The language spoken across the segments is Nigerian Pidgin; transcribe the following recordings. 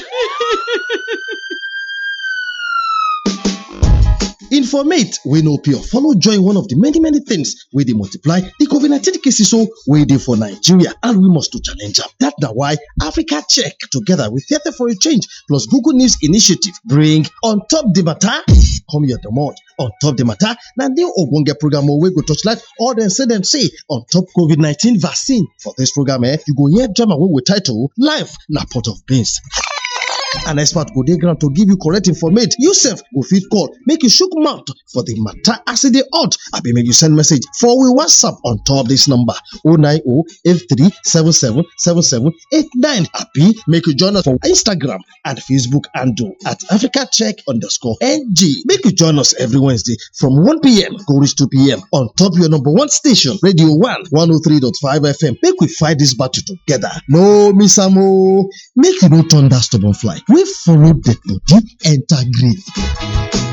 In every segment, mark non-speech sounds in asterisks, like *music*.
*laughs* Informate we no pure follow joy one of the many many things we dey multiply the COVID-19 cases so oh, waiting for Nigeria and we must to challenge them. That na why Africa Check together with Theatre for a Change plus Google News Initiative bring on top the matter come your domot. On top the matter na new ogbonge program oh, we go light all then say dem say on top COVID-19 vaccine. For this program eh, you go hear drama we go title Life na pot of beans. An expert go dey ground to give you correct informate. You sef go fit call make you shook mouth for the matter as e dey hot. Abi make you send message for we WhatsApp on top this number 09083777789. Abi make you join us for Instagram and Facebook handle at Africa Check underscore NG. Make you join us every Wednesday from 1 p.m. go reach 2 p.m. on top your number one station, Radio 1 103.5 FM. Make we fight this battle together. No miss amo Make you no turn that stubborn fly. We followed the Egypt enter grave.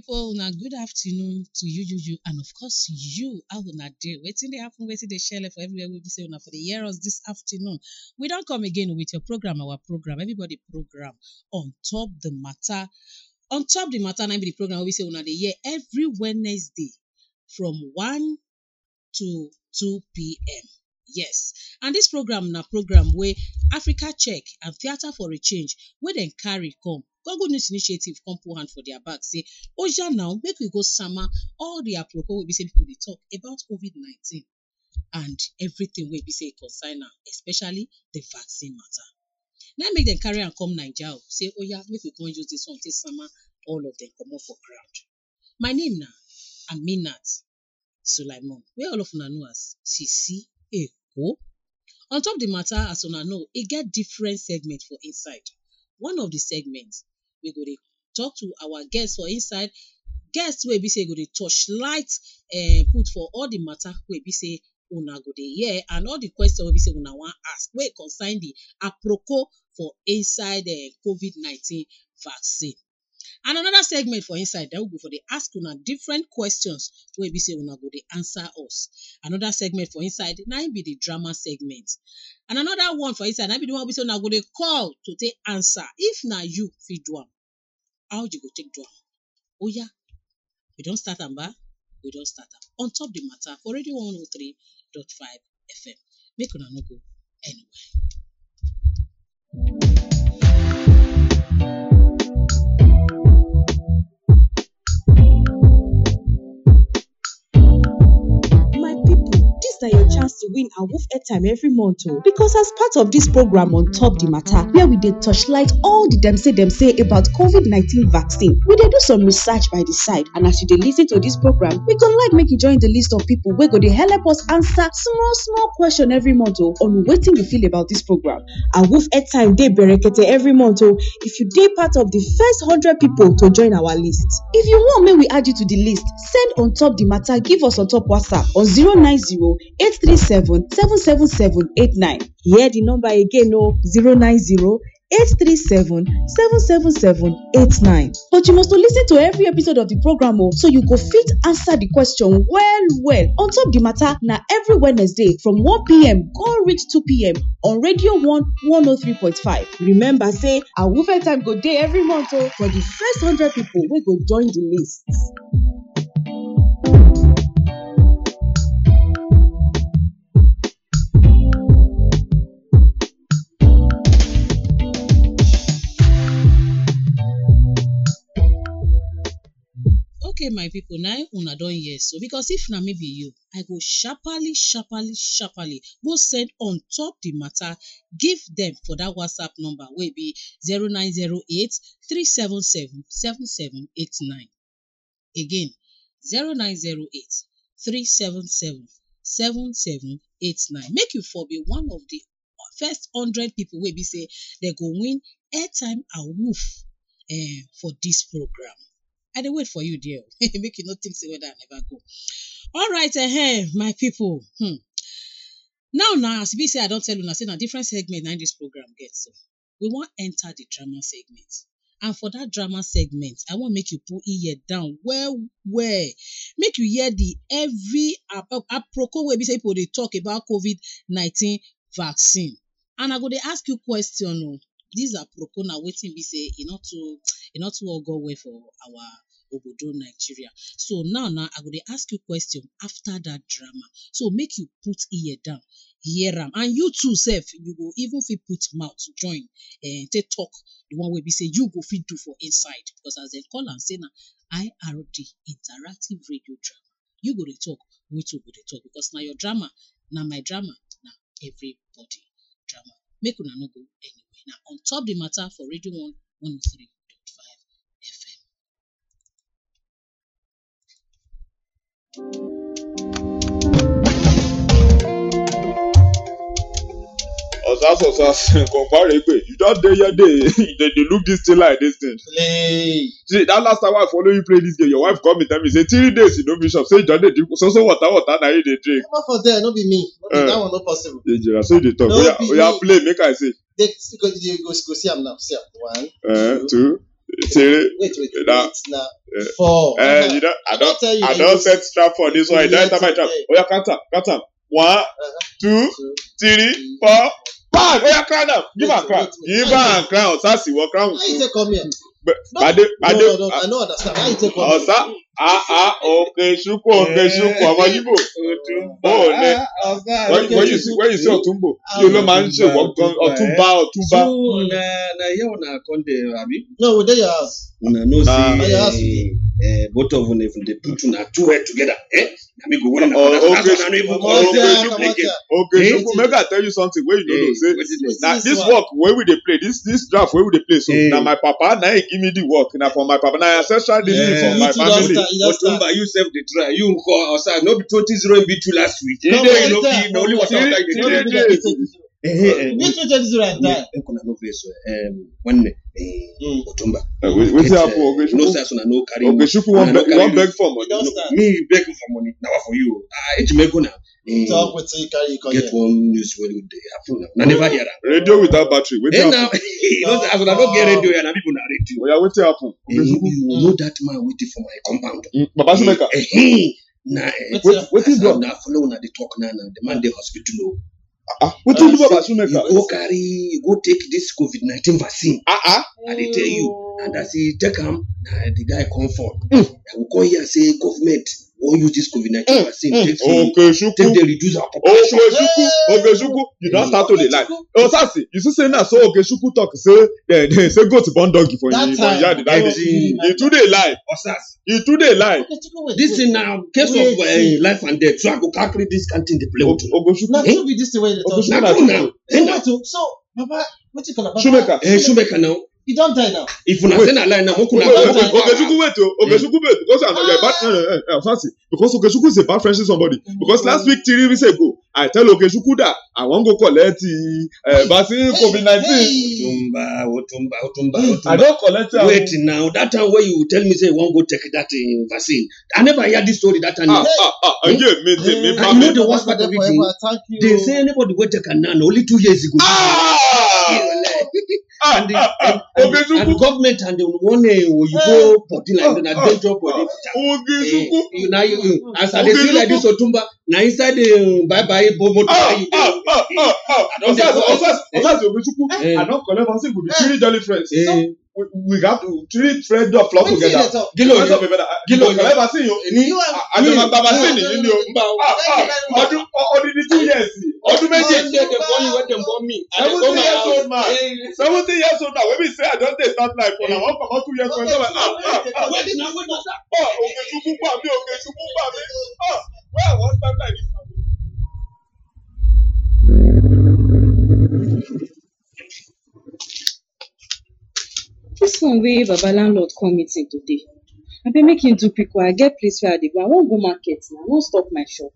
people, now good afternoon to you, you, you, and of course you. I will not do waiting the happen, waiting the share for everywhere we be saying for the years this afternoon. We don't come again with your program, our program, everybody program on top the matter. On top the matter, and every the program we saying. on the year every Wednesday from 1 to 2 p.m. Yes, and this program na program where Africa Check and Theatre for a Change where they carry come Google News Initiative come put hand for their back, say, Oja oh, now, make we go summer, all the apropos will be say people dey talk about COVID 19 and everything will be say e concern am, especially the vaccine matter. Now make them carry and come Naija, say, Oya, oh, make we go and use this one take summer, all of them come up for ground. My name now, Aminat Sulaimon, where all of una know as Sisi Eko. On top the matter, as una know, it e get different segments for inside. One of the segments we go dey talk to our guests for inside guests wey be say go dey touch light eh, put for all the matter wey be say una go dey hear and all the question wey be say una wan ask wey concern the aproko for inside eh, covid nineteen vaccine. And another segment for inside that we go for dey ask una different questions wey be say una go dey answer us. Another segment for inside na be the drama segment. And another one for inside na be the one wey be say una go dey call to take answer. If na you fit do am, how you go take do am oya we don start am ba we don start am on top the matter, for radio one oh three dot five fm make una no go anywhere. This your chance to win wolf at airtime every month, oh. Because as part of this program on Top the Matter, where we did touchlight all the them say them say about COVID 19 vaccine, we did do some research by the side. And as you did listen to this program, we can like make you join the list of people where go to help us answer small, small question every month, oh, on waiting you feel about this program. And woof airtime day berekete every month, oh, if you day part of the first 100 people to join our list. If you want, may we add you to the list, send on top the matter, give us on top WhatsApp on 090 837 77789. Hear the number again, oh, 090 837 77789. But you must listen to every episode of the program oh, so you go fit answer the question well, well. On top the matter, now every Wednesday from 1 p.m. go reach 2 p.m. on Radio 1 103.5. Remember, say, our time go day every month oh, for the first 100 people we go join the list. okay my pipo na una don hear so becos if na me be you i go sharparly sharparly sharparly go send on top the matter, give dem for that whatsapp number wey be 0908 377 7789 again 0908 377 7789 make you for be one of the first hundred people. wey be say they go win airtime awoof um for this program I dey wait for you there. *laughs* Make you not think say whether I never go. All right, eh, uh, my people. Hmm. Now, now, as we say, I don't tell you now, say now different segment in this program gets. So we want enter the drama segment. And for that drama segment, I want make you put ear down well, well. Make you hear the every aproko where we e say people they talk about COVID nineteen vaccine. And I go they ask you question. Oh. These are proko now waiting We say you e not too you e not too all go away for our Obodo, Nigeria. So now, now I go to ask you question after that drama. So make you put ear down, hear am, and you too self you go even fit put mouth join and eh, take talk the one wey be say you go fit do for inside because as dem call am say na IRD interactive radio drama. You go dey talk, we too go dey talk because na your drama, na my drama, na everybody drama. Make una no go anywhere. Now on top the matter for Radio One One oh Three. Osas, Osas, compare Egbe. You just dey here, dey. They, they look this thing like this thing. Play. See, that last time I follow you play this game, your wife come and tell me, say, three days, you be Bishop, say, John, they drink, so, so, water, water, now you dey drink. Come for there, no be me. No be eh. that one, no possible. Yeah, Jira, so you dey talk. No, we are, we play, make I say. They, go, they go, see am now, see am. One, eh, two Tere. Wait, wait, wait. Now, now. Four. I don't, I don't, I don't set trap for this one. I don't enter my trap. Oh, yeah, count up, count up. One, uh-huh. two, three, four. Bang! Oh, yeah, crown up. Give her crown. Give her crown. Sassy, what crown? Why is it come here? Pade, pade. No, no, no, uh, I don't understand. Why you take one? Ọ̀sá, ah, ah, ọ̀kẹ́sùkù, ọ̀kẹ́sùkù, ọmọ Yíbò. Ah, Ọ̀túnbọ̀ ọ̀lẹ́. When you see, when you see Ọ̀túnbọ̀, yóò ló máa ń ṣe Ọ̀túnba, Ọ̀túnba. So, na na here na come dey, abi? No, we dey your house. Una know say. Na ah. your house eh, both of them they put una two head together. Eh? Nami go win. Oh, okay. Oh, okay. Okay. Okay, eh? Hey, make I tell you something. Where you don't know, eh, say now this, this work where we they play this this draft where we they play. So hey. Eh. now my papa now he give me the work now for my papa now ancestral did yeah. from my family. But remember you self the try you call outside no be twenty zero and be two last week. No, you know the only was outside the three days. Which twenty zero and that? Um, when. Mm. Otumba. Eh, wait till Apo eh, Okechukwu. No stats una no carry. Okechukwu wan beg wan beg for money. No, me beg for money. Na one for you. Ah, Echimego na. Mm. Talk with say carry you Get one news wey dey happen now. Na never hear am. Radio without battery. Wait till Apo. No stats una no get oh. radio here na people na radio. Oya oh, wait till Apo. Eh, you know that man waiting for my compound. Mm, Baba Simeka. Na wetin do am? Na follow una dey talk now na the man dey hospital o. Oh wetin do baba shoemaker. you go carry you go take this covid nineteen vaccine. Uh -uh. i dey tell you and as you e take am na the guy come fall. Mm. i go call hear say government or use this COVID 19 eh, vaccine. Eh. take, some, okay, shuku. take they reduce our population. Okay, Shuku, you don't start to the lie. Oh, Sassi, you see, say now, so okay, Shuku talk, say, then, eh, then, *laughs* say, go to Bond Doggy for you. Yeah, the that is. You today lie. Osas. Oh, you today lie. This in now, case of uh, life and death, so I go calculate this kind of thing they play with. Okay, Shuku. Now, be this the way they talk. Now, now. So, Baba, what you call Shoemaker. Eh, Shoemaker now. You don't die now. If una say na lie now, make una die now. Okechukwu wait o, Okechukwu oh. wait because I know you bad no no no fancy because Okechukwu is a bad friend to somebody mm-hmm. because last week three weeks ago I tell Okechukwu that I wan go collect uh, vaccine COVID nineteen. Otumba Otumba Otumba hmm, Otumba. I don collect am. Wait now that time wey you tell me say you wan go take that uh, vaccine I never hear this story that time. Ah ah ah again ah, me dey me pa me. I know the worst part of it dey eh. say anybody wey take am now na only two years ago. Ah! *laughs* and the, ah, ah, ah, and, and, and, government and the one go body like the dangerous body you na you as i dey like this otumba now inside the um, bye bye bobo tie you dey i don dey go. osas osas eh. ogetukwu eh. i don collect vaccine eh. go be three jolly friends. we, have to treat Fred Duff flock together gilo yi gilo yi ẹ̀rọ vaccine yìí ni àjọba gba vaccine yìí ni o n bá o ọdún odidi two years ọdún méje seventy years old man seventy years old man wey be say I don dey start life for na one comot two years old man ah ah ah oge ṣubú pa mi oge ṣubú pa mi ah where I wan start life. Dis one wey baba landlord come meeting today, abeg make im do quick oo, I get place wey I dey go, I wan go market na, I wan stop my shop.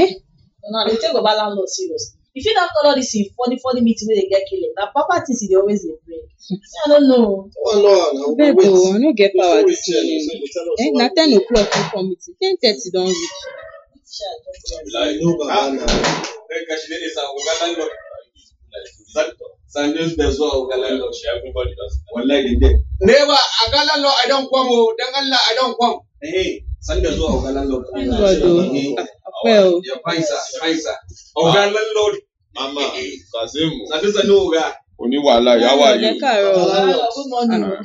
Eh! Una dey take baba landlord serious. You fit don call all this im funny funny meeting wey dey get k-leg, na papa things he dey always dey bring. I no know oo. Abeg oo, I no get power dis morning. Eh, na ten o'clock we come meeting, ten thirty don reach. I know baba na. Sunday da zuwa Ugalando. She everybody does. Wallahi dai. Neighbor a Galando I don't come oh. dan Allah I don't come. Eh Sunday zuwa Ugalando. Akwai o. Ya faisa faisa. Ugalando. Mama Kazimu. Sadi sanu oga. Oni wahala ya wa you?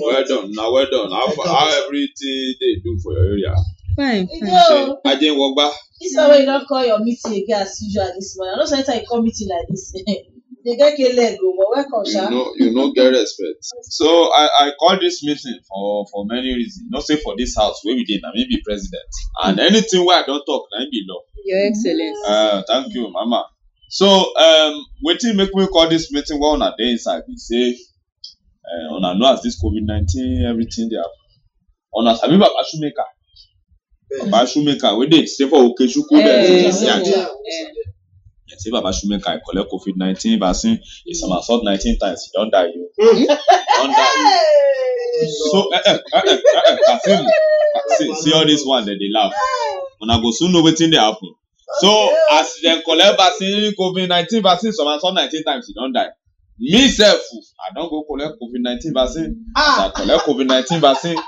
Well done, na well done. How, how everything they do for your area? Fine, fine. Ajay Wogba. This is why you don't call your meeting again as usual this morning. I don't know sometimes you call meeting like this. *laughs* You know, you know, get respect. So I, I call this meeting for for many reasons. Not say for this house where we did, I may be president. And mm. anything where I don't talk, I be law. Your Excellency. Uh, ah, thank you, Mama. So um, waiting make me call this meeting while on a inside. We say, uh, eh, on know as this COVID nineteen everything they have. On a sabi baba shoemaker. Eh. Baba shoemaker, we dey stay for Okechukwu eh, there say baba shoemaker i collect covid nineteen vaccine he somersault nineteen times he don die you *laughs* don die you so kasim eh, eh, eh, see, all this one dem dey laugh una go soon know wetin dey happen so as dem collect vaccine covid nineteen vaccine somersault nineteen times You don die me sef i don go collect covid nineteen vaccine as i ah! collect covid nineteen vaccine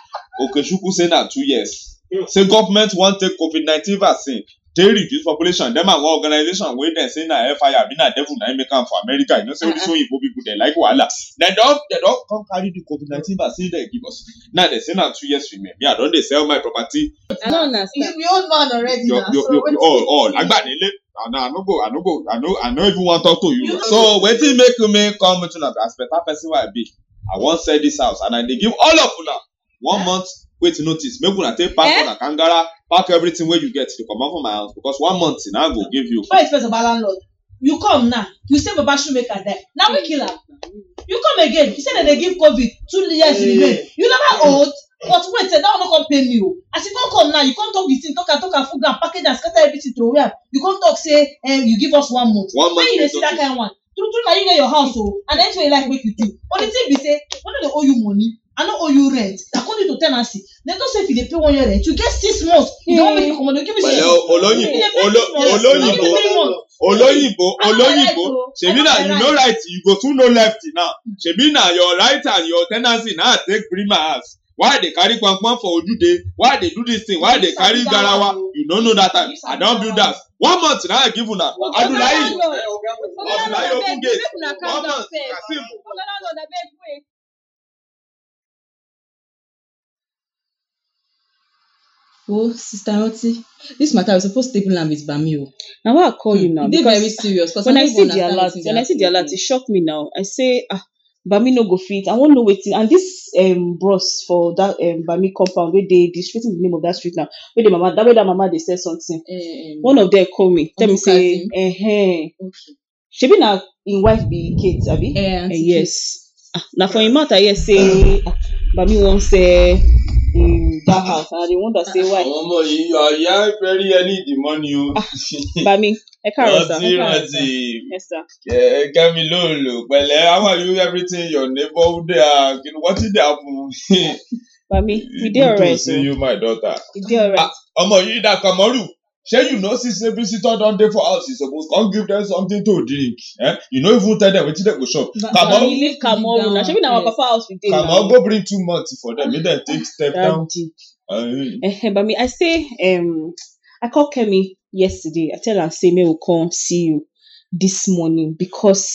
okechukwu say na two years hmm. say government wan take covid nineteen vaccine dey reduce population dem and one organisation wey dem say na fire be na devil na make am for america you know say all these uh-huh. oyibo people dey like wahala dem don dem don come carry the covid nineteen vaccine dem give us now dem say na two years remain me i don dey sell my property. i no understand you be old man already na so wetin. all all agbanile and i no go i no go i no i no even wan talk to you. so wetin make you me come to una as better person wey i be i wan sell this house and i dey give all of una one month wait notice make una take pack una eh? kangara pack everything wey you get to comot for my house because one month na i go give you. First, first of all, landlord you come now you say baba shoemaker die na we kill am you come again you say dem dey give covid two years remain eh. you never old but wait sef eh, that one no come pay me o as you come come now you come talk the thing talk am talk am full ground package am scatter everything throway am you come talk say eh you give us one month one month when you dey see that kind one true true na you get your house o oh. and anything you like make you do but the thing be say we no dey owe you money i no owe you rent according to tenancy dem don say if you dey pay one year rent you get six months you don make you comot dem give you six months olóyìnbó olóyìnbó olóyìnbó olóyìnbó shebi na you no right you go too no left now shebi na your right and your tenancy na take bring my house why dey carry pampam for ojude why dey do dis thing why dey carry garawa you no know that time i don build am one month na i give una abdullahi abdullahi open gate one month kasim. Oh, Sister Ranti, this matter we suppose table am with Bami o. Na why I call you now. E dey very serious. When I, see the alert, when I see the alert, it shock me now. I say, ah, Bami no go fit. I wan know wetin. And this um, bros for that um, Bami compound wey dey dis street, the name of that street now, wey the mama, that way that mama dey sell something. Um, One of them call me. Tell me say, eh, uh-huh. okay. shebi na im wife be Kate, abi? Eh, uh, yes. Ah, na for im mouth I hear say, ah, Bami wan sell backers and they want to say why. àwọn ọmọ yìí you are here very early in the morning o. Ah, bami ẹ káàárọ̀ sá ẹ káàárọ̀ sá yes sir. kẹ́mi ló ń lò pẹ̀lẹ́ how are you everything your neighborhood ah kí ni wọ́n ti dà fún un. bami we dey alright o you my daughter. we dey alright. Ah, ọmọ yìí dà kàmọ́rù shey you know since every visitor don dey for house you suppose come give dem something to drink eh? you no even tell dem wetin dem go chop kamo leave kamo na shebi na our papa house we dey kamo go bring two months for dem make dem take step down ehem bami i say um, i call kemi yesterday i tell am say make we come see you this morning because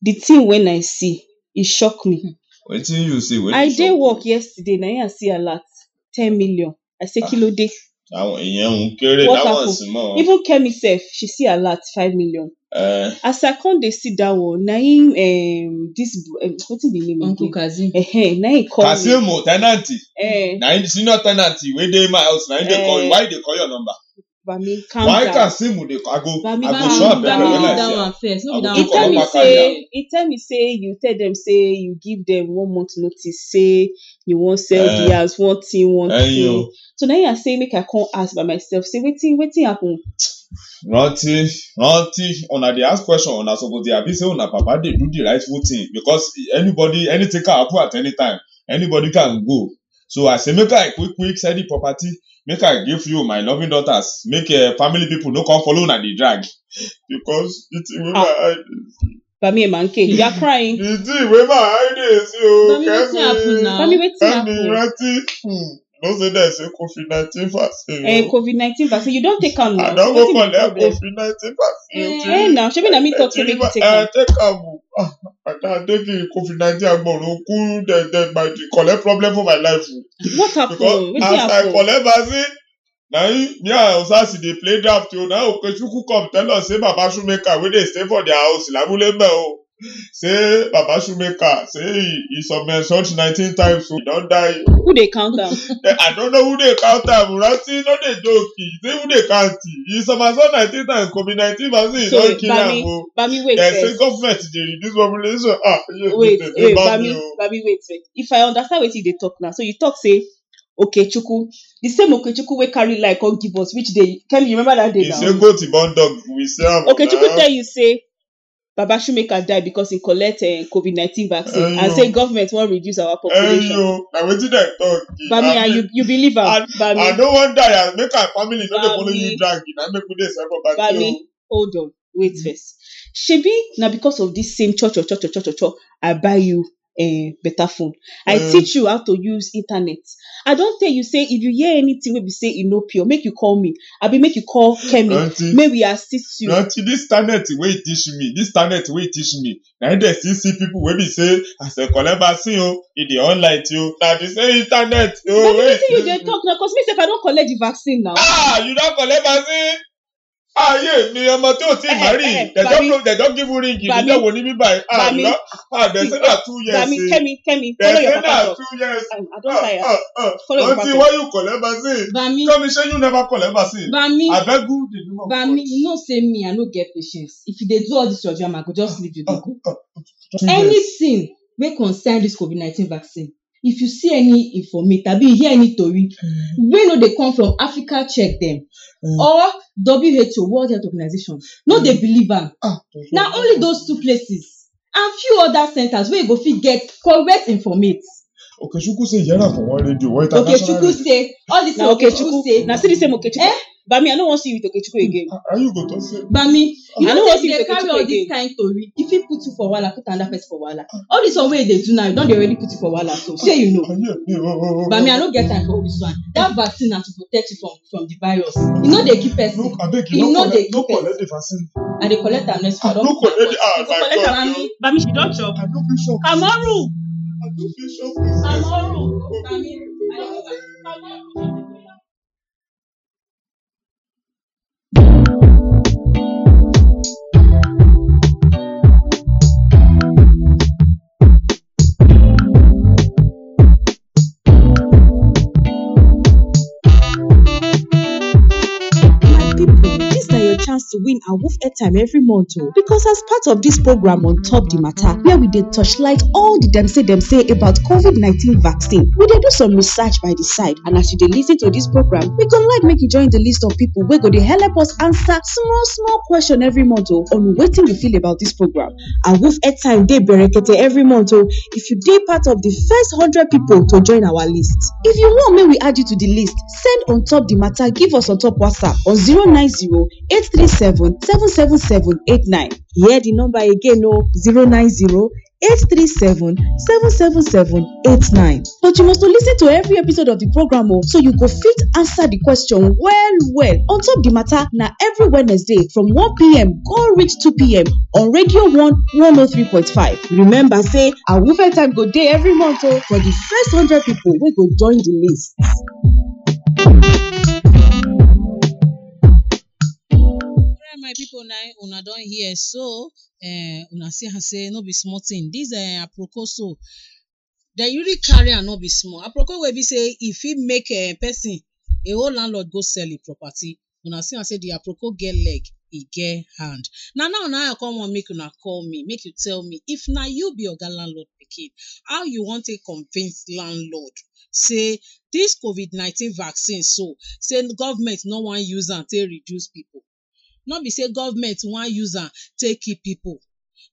the thing when i see e shock me wetin you see wey i dey work yesterday na i see alert ten million i say kilo ló dé àwọn èèyàn ń kéré láwọn sì mọ. even kemi sef she see alert five million. Uh, as i come dey see dat one oh, na im um, dis um, wetin be name again uncle kazeem uh, na im call kazeem o oh, ten ant eh. na im senior ten ant wey dey my house na im dey call you eh. why you dey call your number. Bami, calm Why down. Why Kasim dey I go Bami, I go Bami, show abeg when I see First, no be that one. He tell me say he tell me say you tell them say you give them one month notice say you wan sell uh, the eh. house one thing one eh, thing. So now you saying make I come ask by myself say wetin wetin happen. Rántí rántí una dey ask question una suppose dey happy say una papa dey do the rightful thing because anybody anything can happen at any time anybody can go So I say, make I quick, quick sell the property. Make I give you my loving daughters. Make uh, family people no come follow na dey drag because it will ah. Bami Emanke, you are crying. the thing wey my eye dey see o, oh, Kemi, Kemi, Kemi, Ranti. Hmm no say is say covid nineteen vaccine. Eh, covid nineteen vaccine you don take am now. I don go collect covid nineteen vaccine. Eh, eh na shebi na me talk say make you take am. take am o take *laughs* taking covid nineteen agboro ku dem dem my the collect problem for my life o. what happen wetin happen because as i collect vaccine na me and osasi dey play draft o na okechukwu come tell us say baba shoemaker wey dey stay for their house labule mbẹ o say baba shoemaker say he submit such nineteen times o he don die who dey count am. Eh, i no know who dey count am ranti no dey joke say who dey count he submit such nineteen times covid nineteen vaccine so, don kill am o. bami oh. wait first. say government dey reduce population ah. wait wait bami bami oh. wait wait if i understand wetin you dey talk now so you talk say okechukwu the same okechukwu wey carry lie come give us which day kemi you remember that day now. he say goat he born dog we sell am. okechukwu tell you say Baba Shoemaker die because he collect a eh, COVID nineteen vaccine uh, and say government won't reduce our eh, population. Uh, na to talk. Bami and you you believe her. Bami I not want die make our family not follow you Dragging. I make this dey suffer back Bami oh. hold on wait mm-hmm. first. Shebi now because of this same church or church or church or church I buy you a better phone. I teach you how to use internet. I don't tell you say if you hear anything we be say e no pure, make you call me. Abi make you call Kemi. May we assist you. Aunty, this internet wey you e teach me, this internet wey you e teach me, na dem still see people wey be say as dem collect vaccine o, e dey online ti o. Na the same internet o. Na wetin e you dey talk na cause me sef I don collect the vaccine now. Ah, you don collect vaccine? ayé mi ọmọ tó ti mari dẹjọ dẹjọ gíbu ringi nígbà wo ni bíbá yìí àná àdẹsẹ́nà tú yẹ sí kẹ́mi kẹ́mi dẹsẹ́nà tú yẹ sí o ti wáyú kọ̀lẹ́bà sí kọ́mi ṣẹ́yún never kọ̀lẹ́bà sí abẹ́gú dìbò mọ̀. Bami, you know say me, I no get patience. If you dey do all this your jam, I go just leave you go. Ah, ah, ah, Anything wey concern this covid nineteen vaccine, if you see any informate abi you hear any tori mm. wey no dey come from africa check dem mm. or who world health organization no mm. dey believe am ah, okay. na only those two places and few other centers wey you go fit get correct informate. okechukwu say yẹra for one radio one international radio. okechukwu say all this okechukwu say na still the same okechukwu. Eh? Bami, I don't want to see you with Okechukwu hmm, again. Are you going to say? Bami, you I don't want to see you with Okechukwu again. They carry all this kind tori. If he put you for wahala, put another person for wahala. Hmm. All this one way they do now, don't they already put you for wahala? So say you know. Bami, I don't get time for this one. That vaccine has to protect you from from the virus. You know they keep person. Look, I beg you, you no know collect, no collect the vaccine. And they collect am next one. Ah, I collect am. I ah, go collect am. Bami, she don chop. I no fit chop. Kamaru. I no fit chop. Kamaru. Oh. Bami, I no fit chance to win a Wolf airtime every month, oh, because as part of this program on Top the Matter, where we did touchlight all the them say them say about COVID 19 vaccine, we did do some research by the side. And as you did listen to this program, we can like make you join the list of people where go they help us answer small, small question every month oh, on waiting you feel about this program. A Wolf airtime day berekete every month, oh, if you did part of the first 100 people to join our list. If you want, may we add you to the list, send on top the matter, give us on top WhatsApp on 090 three seven seven seven seven eight nine hear the number again o oh, zero nine zero eight three seven seven seven seven eight nine. But you must to lis ten to every episode of the program o oh, so you go fit answer the question well well. On top the matter na every Wednesday from one pm go reach two pm on Radio One one oh three point five. Remember say awufe time go dey every month o oh, for the first hundred people wey go join the list. my pipo na una don hear so uh, una see am say no be small tin dis uh, eh, aproko so dem really carry am no be small aproko wey be say e fit make uh, person a whole landlord go sell e property una see am say the aproko get leg e get hand na now na i come wan make una call me make you tell me if na you be oga landlord pikin how you wan take convince landlord say this covid nineteen vaccine so say government no wan use am take reduce people no be say government wan use am take kill pipo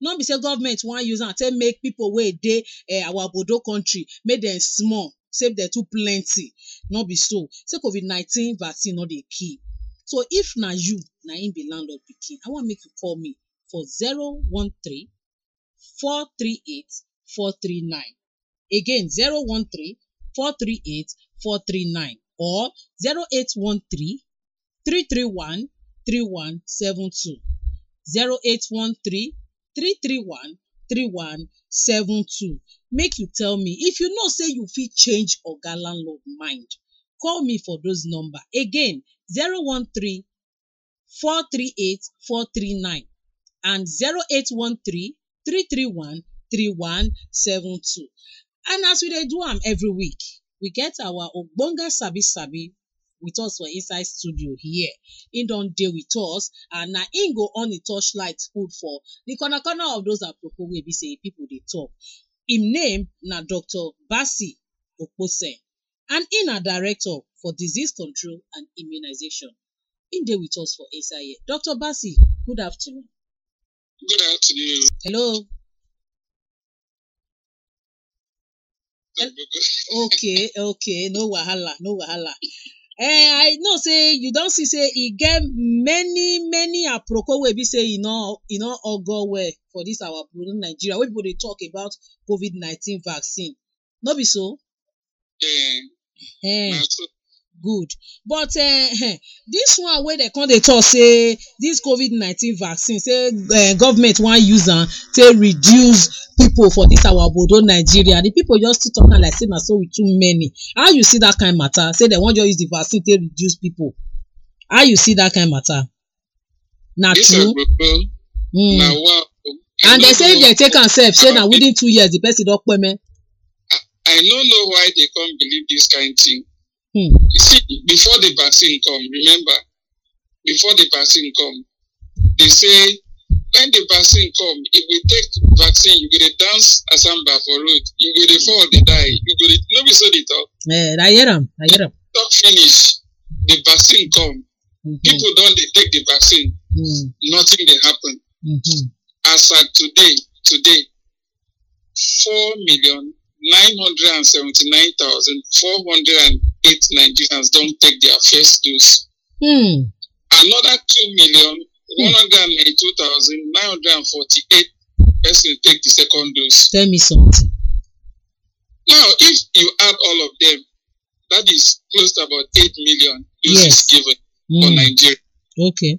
no be say government wan use am take make pipo wey dey eh, our obodo country make dem small Save dem too plenty no be so say covid nineteen vaccine no dey kill so if na you na im be landlord pikin i wan make you call me for zero one three four three eight four three nine again zero one three four three eight four three nine or zero eight one three three three one three one seven two zero eight one three three three one three one seven two make you tell me if you know say you fit change oga landlord mind call me for those number again zero one three four three eight four three nine and zero eight one three three three one three one seven two and as we dey do am every week we get our ogbonge sabi sabi with us for inside studio here. He don't deal with us, and now he go on the torchlight hood for the corner corner of those apropos where we say people they talk. Him name na Dr. Basi Okpose, and in a director for disease control and immunization. In there with us for SIA. Dr. Basi, good afternoon. Good afternoon. Hello. okay okay no wahala no wahala Eh, i know say you don see say e get many many aproko wey be say e no e no all go well for this our Burundi Nigeria wey people dey talk about COVID 19 vaccine no be so. Um, um. na so good but uh, *laughs* this one wey dem come dey talk say this covid nineteen vaccine say uh, government wan use am take reduce people for this our obodo nigeria the people just still talk am like say na so we too many how you see that kind of matter say dem wan just use the vaccine take reduce people how you see that kind of matter na true mm. and dem say if dem take am sef say na within two years the person don peme. i no know why they come believe this kind thing Hmm. You see, before the vaccine come, remember, before the vaccine come, they say when the vaccine come, if we take vaccine, you go to dance asamba for road, you go to fall, they die, you go Let me say it they talk. Eh, I hear them. I hear them. Talk finish, the vaccine come. Mm-hmm. People don't they take the vaccine, mm. nothing they happen. Mm-hmm. As at today, today, four million 979,408 Nigerians don't take their first dose. Hmm. Another 2,192,948 hmm. persons take the second dose. Tell me something. Now, if you add all of them, that is close to about 8 million doses yes. given mm. for hmm. Nigeria. Okay.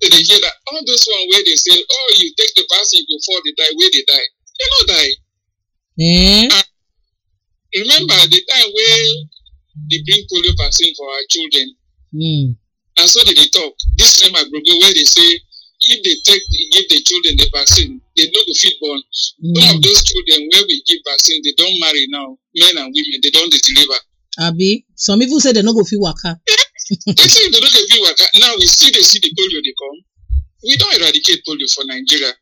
So they hear that all those one where they say, oh, you take the vaccine, you fall, they die, where they die. They don't die. Mm. And remember hmm. the time wey they bring polio vaccine for our children mm. na so did they talk this same agbogo where they say if they take give the children the vaccine they no go fit born mm. some of those children where we give vaccine they don't marry now men and women they don't deliver. abi some even say they no go fit worker. *laughs* they say they no go fit worker. now we see they see the polio they come we don't eradicate polio for nigeria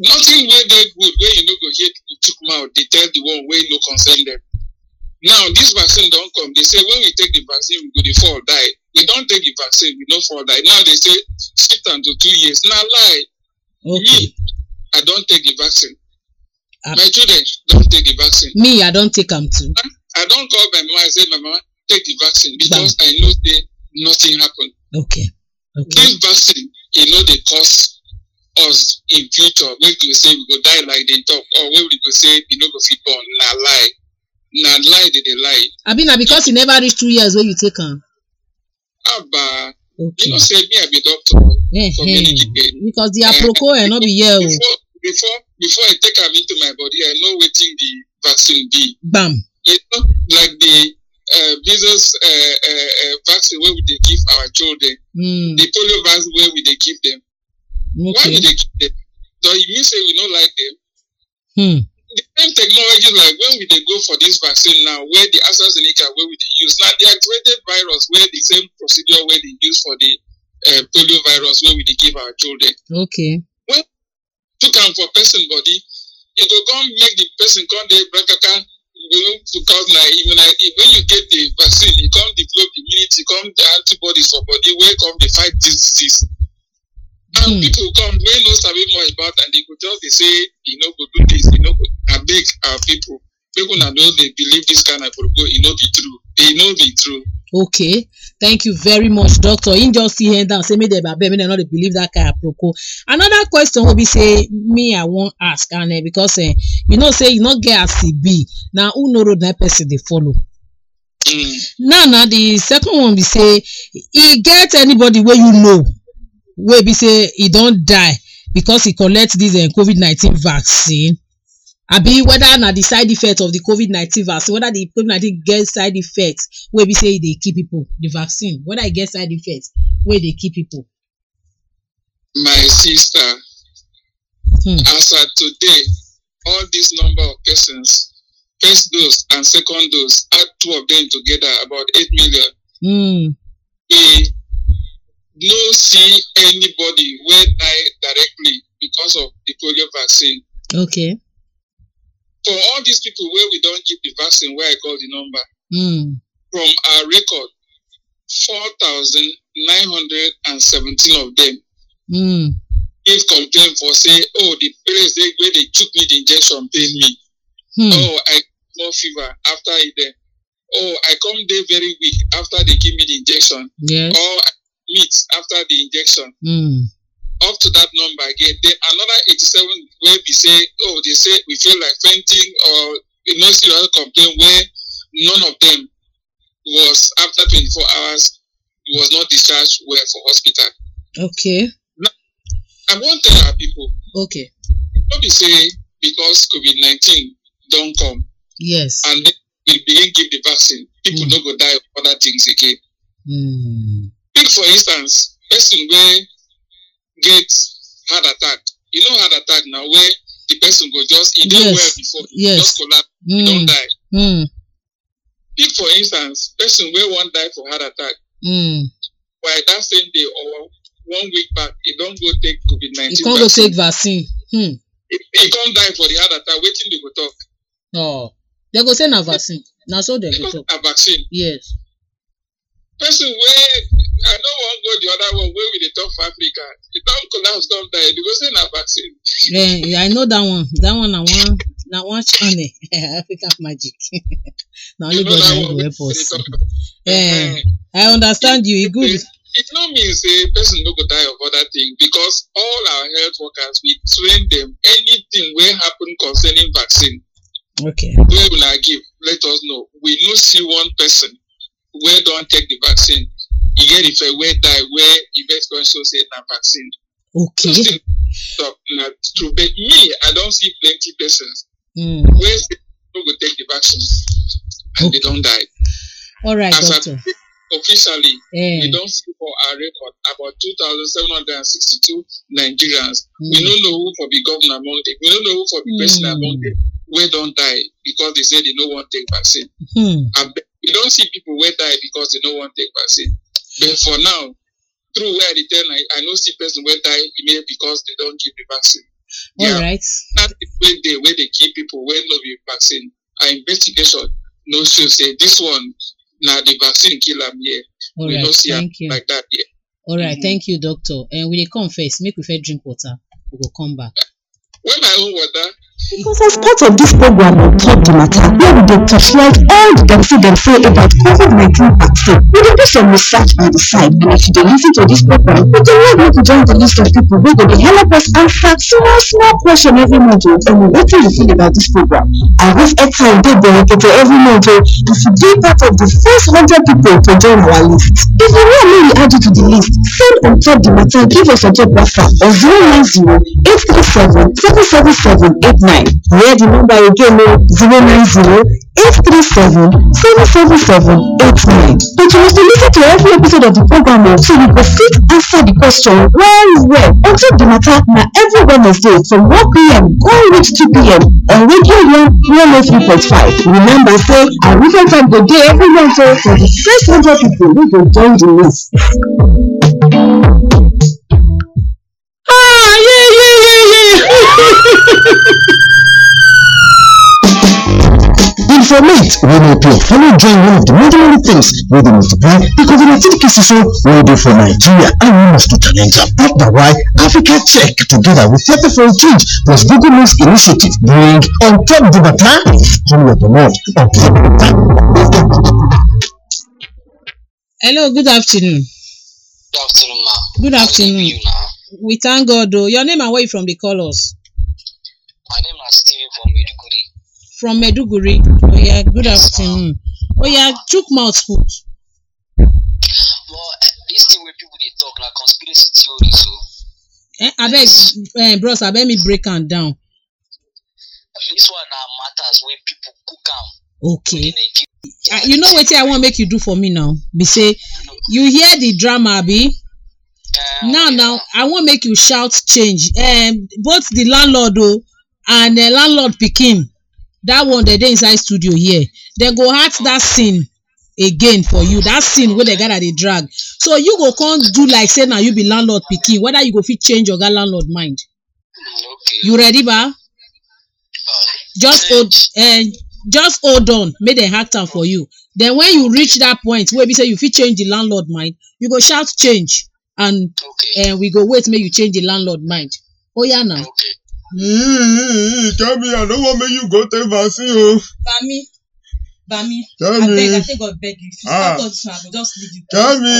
nothing wey dey good wey you no go hear people chook mouth dey tell the one wey no concern them now this vaccine don come they say when we take the vaccine we go dey fall die we don take the vaccine we no fall die now they say six am to two years na lie okay. me i don take the vaccine uh, my children don take the vaccine me i don take am too i don call my mama I say my mama take the vaccine because Bam. i know say nothing happen okay okay this vaccine e no dey cause us in future wey go say we go die like dem talk or wey we go say we no go fit born na lie na lie dey dey lie. abi na because you never reach two years wey you take am. aba okay. you know say me i be doctor eh, for many years. because the eh, aproko eh, no be here o. before before i take am into my body i know wetin the vaccine be. Bam. you know like the uh, measles uh, uh, vaccine wey we dey give our children. Mm. the polio vaccine wey we dey give them Okay. Why did they keep them? So it mean say we don't like them. Hmm. The same technology like when we they go for this vaccine now, where the AstraZeneca where we they use now the activated virus where the same procedure where they use for the uh, polio virus where we they give our children. Okay. When to come for person body, it e will come make the person come there break can you know, because like even like when you get the vaccine, you e come develop immunity, come the antibodies for body, where come they fight this disease. And mm. people come wey know sabi more about and they go just dey say "You know, go do this, You know, go abeg our people people, una no they believe this kind of agorogo e no be true e no be true. okay thank you very much doctor him just see hand down say make dem baby, make dem no believe that kind of aproko another question will be say me i won't ask and uh, because uh, you know say you not get a CB. E now, who no road na person they follow. Mm. now na the second one be say "He get anybody where you know wey be say e don die because e collect this um covid nineteen vaccine abi whether na the side effect of the covid nineteen vaccine whether the covid nineteen get side effect wey be say e dey kill people the vaccine whether e get side effect wey dey kill people. my sister hmm. as at today all this number of persons first dose and second dose add two of them together about eight million. Hmm. no see anybody where die directly because of the polio vaccine. Okay. For all these people where we don't give the vaccine, where I call the number mm. from our record, four thousand nine hundred and seventeen of them. Mm. If complain for say, oh, the place they where they took me the injection pain me. Mm. Oh, I got fever after it. Oh, I come there very weak after they give me the injection. Yes after the injection. Mm. Up to that number again. Then another 87 where we say, oh, they say we feel like fainting or most of complain. where none of them was after 24 hours was not discharged were for hospital. Okay. Now, I want to tell our people. Okay. Don't be say because COVID 19 don't come. Yes. And we begin give the vaccine. People mm. don't go die of other things again. Mm. take for instance person wey get heart attack you know heart attack na where the person go just e don yes. well before yes. just collapse mm. e don die. Mm. take for instance person wey wan die for heart attack. Mm. by that same day or one week back e don go take covid nineteen vaccine. e come go take vaccine. Hmm. e, come die for the heart attack wetin dey go talk. Oh. dem go say na vaccine na so dem go talk. na vaccine. yes person wey i no wan go the other one wey we dey talk for africa e don collapse don die they go na vaccine. Yeah, i know that one that one na one na one channel *laughs* African magic *laughs* na only god na go help us yeah, eh. i understand you e good. it no mean say person no go die of other thing because all our health workers we train them anything wey happen concerning vaccine okay Where will I give let us know we no see one person don't take the vaccine You get effect eh, where die wey effect don show say that vaccine. okay so still talk me i don't see plenty persons. Mm. wey say take the vaccine and okay. they not die. all right as doctor i officially. Yeah. we eh. not see for our record about two thousand seven hundred and sixty-two nigerians. Mm. we hmm. not know who for the governor among them we know who for the mm. president among hmm. them don't die because they say they no wan take vaccine. Mm. You don't see people where die because they don't want take vaccine. But for now, through where I tell I, I no see person where die immediately because they don't give the vaccine. All right. That's the way they where they keep people when not be vaccine. Our investigation no show say this one now the vaccine kill them here. All we right. don't see Thank you. like that here. All right. mm-hmm. Thank you, doctor. And we come first, make we fair drink water. We go come back. When my own water, Because as part of this program on Talk the Matter, where we demystify all the dem say dem say about COVID-19 vaccine, we dey do some research by the side and actually you dey lis ten to this program, we dey like make you join the list of people wey go dey help us answer small small question every month o tell wetin you feel about this program. I hope airtime dey berekete every month o if you dey part of the first hundred people to join our list. If you want make we add you to the list, send on top the Matter give us your job 837 777 zero nine zero eight three seven seven seven seven eight nine. time. Where the number again is zero zero nine eight eight three seven seven seven seven nine. But you must listen to every episode of the program so you can fit answer the question well well. Until the matter na every Wednesday from one p.m. go reach 2 p.m. on Radio 1 103.5. Remember say African time go day, every month for the first hundred people wey go join the list. *laughs* Informate will help you family join one of the many many things wey dey multiply the COVID-19 cases so wey dey for Nigeria and we must to challenge am. That na why Africa Check together with Theatre for Change plus Google News Initiative bring on top the matter from your on top the matter. Hello, good afternoon. Good afternoon, ma. Good afternoon. We thank God, oh! Your name and where you from? the call My name is Steve from Meduguri. From Meduguri. Oh, yeah. Good yes, afternoon. Ma. Oh, yeah. Chook mouth food. Well, eh, this thing where people they talk like conspiracy theory, so. Eh, I beg, eh, bros, I beg me break and down. This one now matters when people cook them. Okay. Uh, you know what I want to make you do for me now? Be say, you hear the drama, be now now i wan make you shout change um, both the landlord o oh, and uh, landlord pikin that one dem dey inside studio here dem go act that scene again for you that scene wey dem gather dey drag so you go come do like say na you be landlord pikin whether you go fit change oga landlord mind okay. you ready ba just hold uh, just hold on make dem act am for you then when you reach that point wey be say you fit change the landlord mind you go shout change and okay. uh, we go wait make you change the landlord mind oya na. Okay. Mm-hmm. tell me i no wan make you go take vaccine o. Oh. bami bami abeg i take god beg you if you ah. start touch am i go just leave you. tell me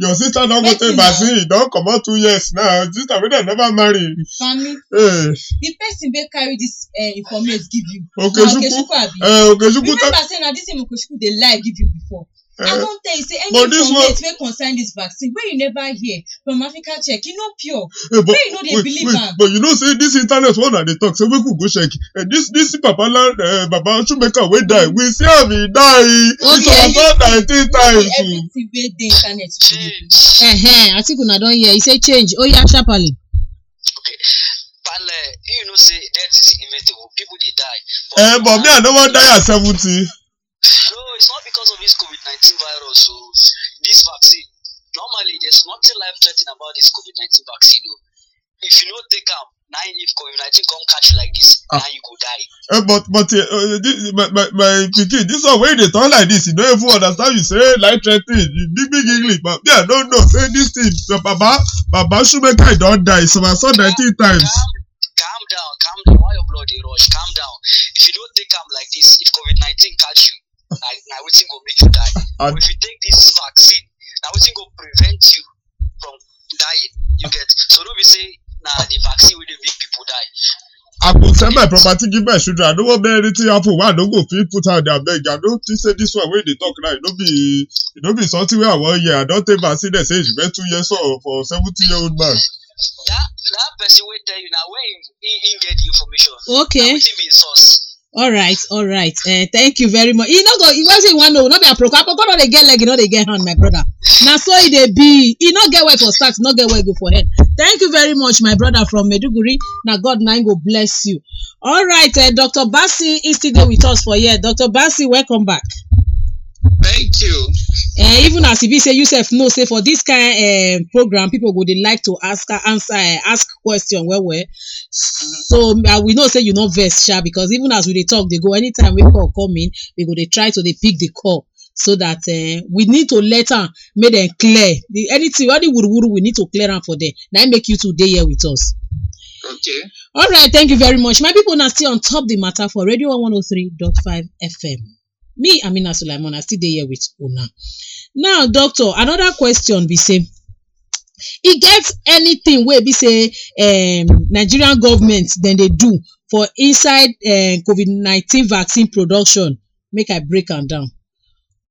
your sister don go take vaccine e don comot two years now sister wey dem never marry. bami hey. Eh. the person wey carry this uh, eh, informate give you. Okay, na okechukwu abi. Uh, remember say na this same okechukwu dey lie give you before among them say any complaint wey concern this vaccine wey you never hear from africa check e no pure eh, wey you no dey believe am. but you know say this internet one na dey talk say make we go check eh, this dis dis eh, baba baba chumeka wey die we see am e die oh, e survive nineteen times. Hmm. everything wey dey internet today. ẹhẹn atiku na don hear e say change oya oh, Okay. pale you know say death is inevitable people dey die. Eh, but me i no wan die at seventy. No, it's not because of this COVID 19 virus. So, oh. this vaccine, normally there's nothing life threatening about this COVID 19 vaccine. Though. If you don't take them, now if COVID 19 come catch like this, ah. now you go die. Hey, eh, but but uh, this, my, my, my this one when they talk like this, you don't even understand. You say eh, life threatening, you big big English, but yeah, no, no, say this thing. So, Baba, Baba Shumeka, don't die. So, I saw 19 times. Calm down, calm down. Why your blood rush? Calm down. If you don't take them like this, if COVID 19 catch you, na wetin go make you die. Uh, *laughs* if you take this vaccine, na wetin go prevent you from dying. You get so no be say na the vaccine wey dey make people die. I go sell my property give my children. I don't want make anything happen. Why don't go feel put out their bag. I don't think say this one wey they talk now. E no be e no be something where I wan hear. I don take vaccine dey say e been two years old for seventy year old man. That that person wey tell you na where he im get the information. Okay. That wetin be im source. All right, all right. uh, thank you very much You no go e wey say you wan know no be aproko aproko no dey get leg you no dey get hand my brother na so e dey be e no get where for start no get where go for head thank you very much my brother from Meduguri. na god na go bless you alright uh, eh, dr basi e still dey with us for here dr basi welcome back thank you uh, even as e be say yusuf know say for this kind uh, program pipo go dey like to ask answer uh, ask question well well so uh, we know say you no vex sha because even as we dey talk dey go anytime wey call come in we go dey try to dey pick the call so that uh, we need to let am make dem clear the anything any wuruwuru we need to clear am for dem na im make you two dey here with us. Okay. All right, thank you very much. My people are still on top the matter for Radio One One oh Three Five FM me amina Sulaimon. i still dey here with una now doctor another question be say e get anything wey be say um, nigerian government dem dey do for inside um, covid-19 vaccine production make i break am down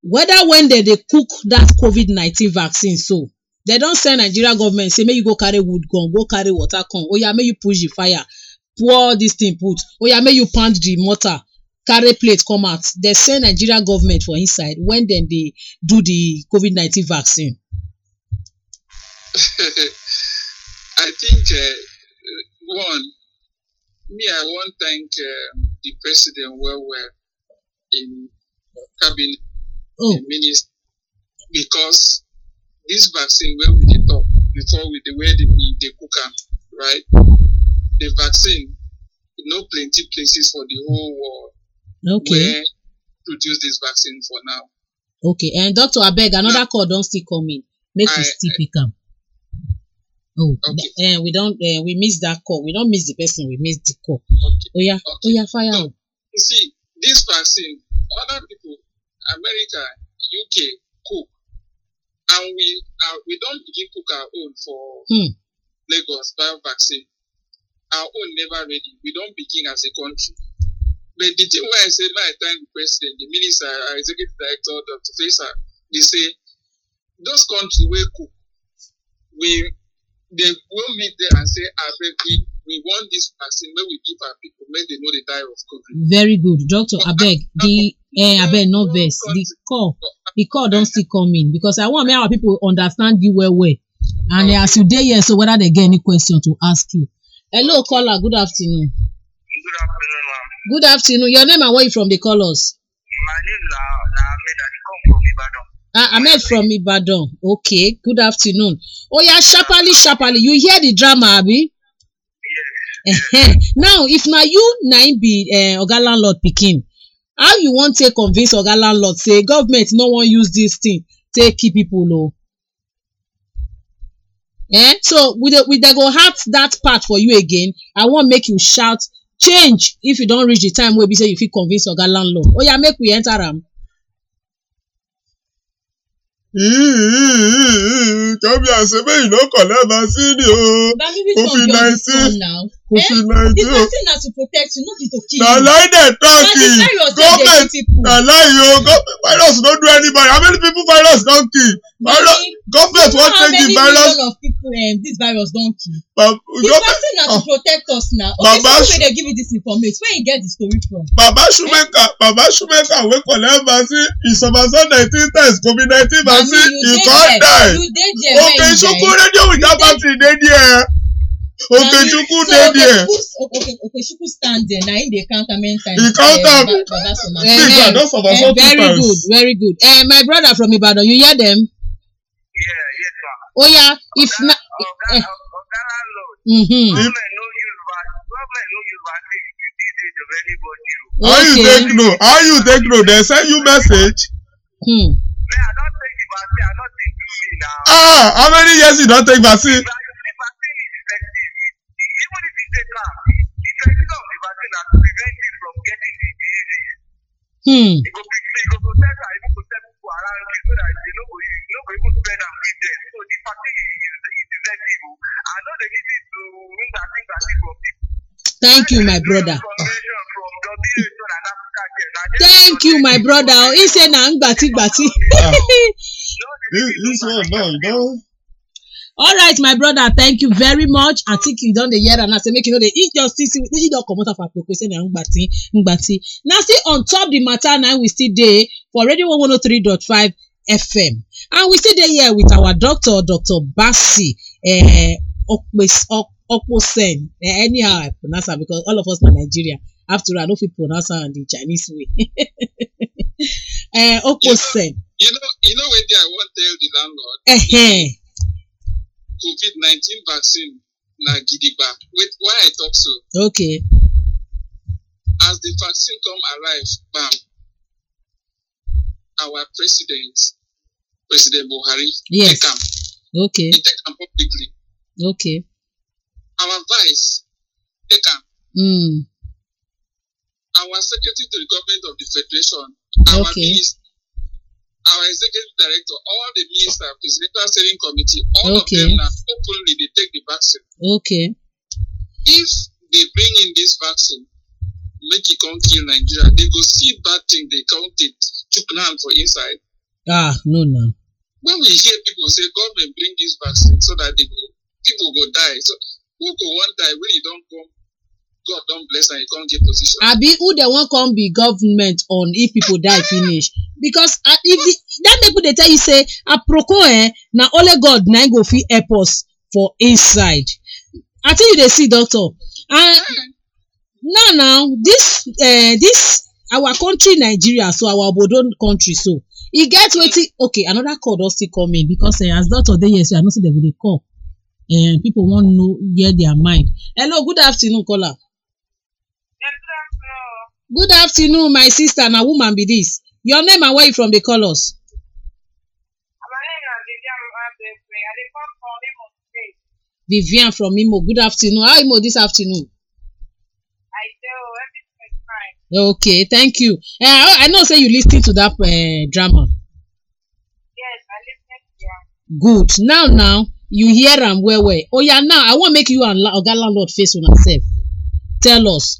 whether when dem dey cook that covid-19 vaccine so dem don send nigeria government say make you go carry wood gun go carry water come oya make you push the fire pour this thing put oya make you pound the mortar carry plate come out dem send nigeria government for inside when dem dey do the covid nineteen vaccine. *laughs* i think uh, one me i wan thank uh, the president well well in cabinet oh. the minister because this vaccine wey we dey talk before with the way they, we dey cook am right the vaccine no plenty places for the whole world okay. where produce this vaccine for now. Okay, and Doctor Abeg, another now, call don't still come in. Make I, you still pick up. Oh, okay. uh, we don't. Uh, we miss that call. We don't miss the person. We miss the call. Okay. Oh yeah. Okay. Oh yeah. Fire so, You see, this vaccine, other people, America, UK, cook, and we uh, we don't begin cook our own for hmm. Lagos bio vaccine. Our own never ready. We don't begin as a country. But the thing where I said my time the president, the minister, our uh, executive director, Dr. Faisal, they say those countries where cook. We they will meet there and say, I ah, beg we want this vaccine when we give our people when they know they die of COVID. Very good. Doctor but Abeg, the eh, Abeg, no verse. The call, the call don't still come in because I want make our people understand you well well. And okay. Eh, as you dey here, so whether they get any question to ask you. Hello, caller. Good afternoon. Good afternoon. Good afternoon. Your name and where you from? They call us. My name is Ahmed. I come from Ibadan. Ah, Ahmed from Ibadan. Okay. Good afternoon. Oh yeah, sharply, sharply. You hear the drama, Abi? Yes. now, if na you na him be uh, oga landlord pikin, how you wan take convince oga landlord say government no wan use dis thing take keep people o? Eh? So we dey we go heart that part for you again. I wan make you shout change if you don reach the time wey be say you fit convince oga landlord oya make we enter am tọ́bi àṣẹbẹ́ ìlọ́kọ̀ lẹ́bàá sí ni o covid nineteen covid eh? nineteen o. na lie dey talk eh. government na lie o virus don't do anybody how many people virus don kill virus government wan take the virus. how many million of people um, this virus don kill. Bab the vaccine na to ah. protect us now. okay Baba so wey give you this information where you get the story from. baba eh? shumeka baba shumeka we call vaccine e surpass nineteen times covid nineteen vaccine see you come die Okechukwu radio without party dey there Okechukwu dey there. Okechukwu stand there na him dey count how many times. He count am. Eh, Baba Soma. Please I don support two times. Very good very good. Uh, my brother from Ibadan you hear them? Oh, yeah, yes ma. Oya if na. Oga Oga How you take know? How you take know? Dem send you message. Hmm. Ah, how many years you don take vaccine? Hmm. E you so that Thank you, my brother. Thank you, my brother. He say na ngbati gbati. Ah. *laughs* this, one done, done. all right my brother thank you very much I think you don dey hear am now say make you no dey injustice make you don comot am for akpokwe say na ngbati ngbati na still on top the matter na we still dey for radio one one oh three dot five fm and we still dey here with our doctor dr basi eh, okposen eh, anyhow i pronounce am because all of us na nigeria after all, I don't fit pronounce her in the Chinese way. uh, *laughs* eh, Okose. You know, you know, day I want to tell the landlord. Uh-huh. COVID 19 vaccine, na gidigba. Wait, why I talk so? Okay. As the vaccine come arrive, bam, our president, President Buhari, yes. take am. Okay. He take am publicly. Okay. Our vice, take am. Mm. our secretary to the government of the federation, our okay. minister, our executive director, all the minister, presidential steering committee, all okay. of them now openly they take the vaccine. Okay. If they bring in this vaccine, make it come kill Nigeria, they go see bad thing, they count it, took land for inside. Ah, no, no. When we hear people say, government bring this vaccine so that they go, people go die. So who go want die when you don't come God don bless and you come get position. Abi who dey wan come be government on if people die finish? Because uh, if the, that make dey tell you say aproko eh na only God na go fit help us for inside. I tell you dey see doctor. And now now this uh, this our country Nigeria so our obodo country so e get wetin okay another call don still come in because uh, as doctor dey here so I know say dem go dey call. Uh, people wan know hear their mind. Hello good afternoon caller. Good afternoon, my sister. Na woman be this. Your name and where you from dey call us? My name na Vivian I dey come from Imo State. Vivian from Imo. Good afternoon. How Imo this afternoon? I do. Oh, everything is fine. Okay, thank you. Uh, I know say you lis to that uh, drama. Yes, I listen ten to am. Good. Now now, you hear them well well. oh, yeah, now, I wan make you and Oga Landlord face una sef. Tell us.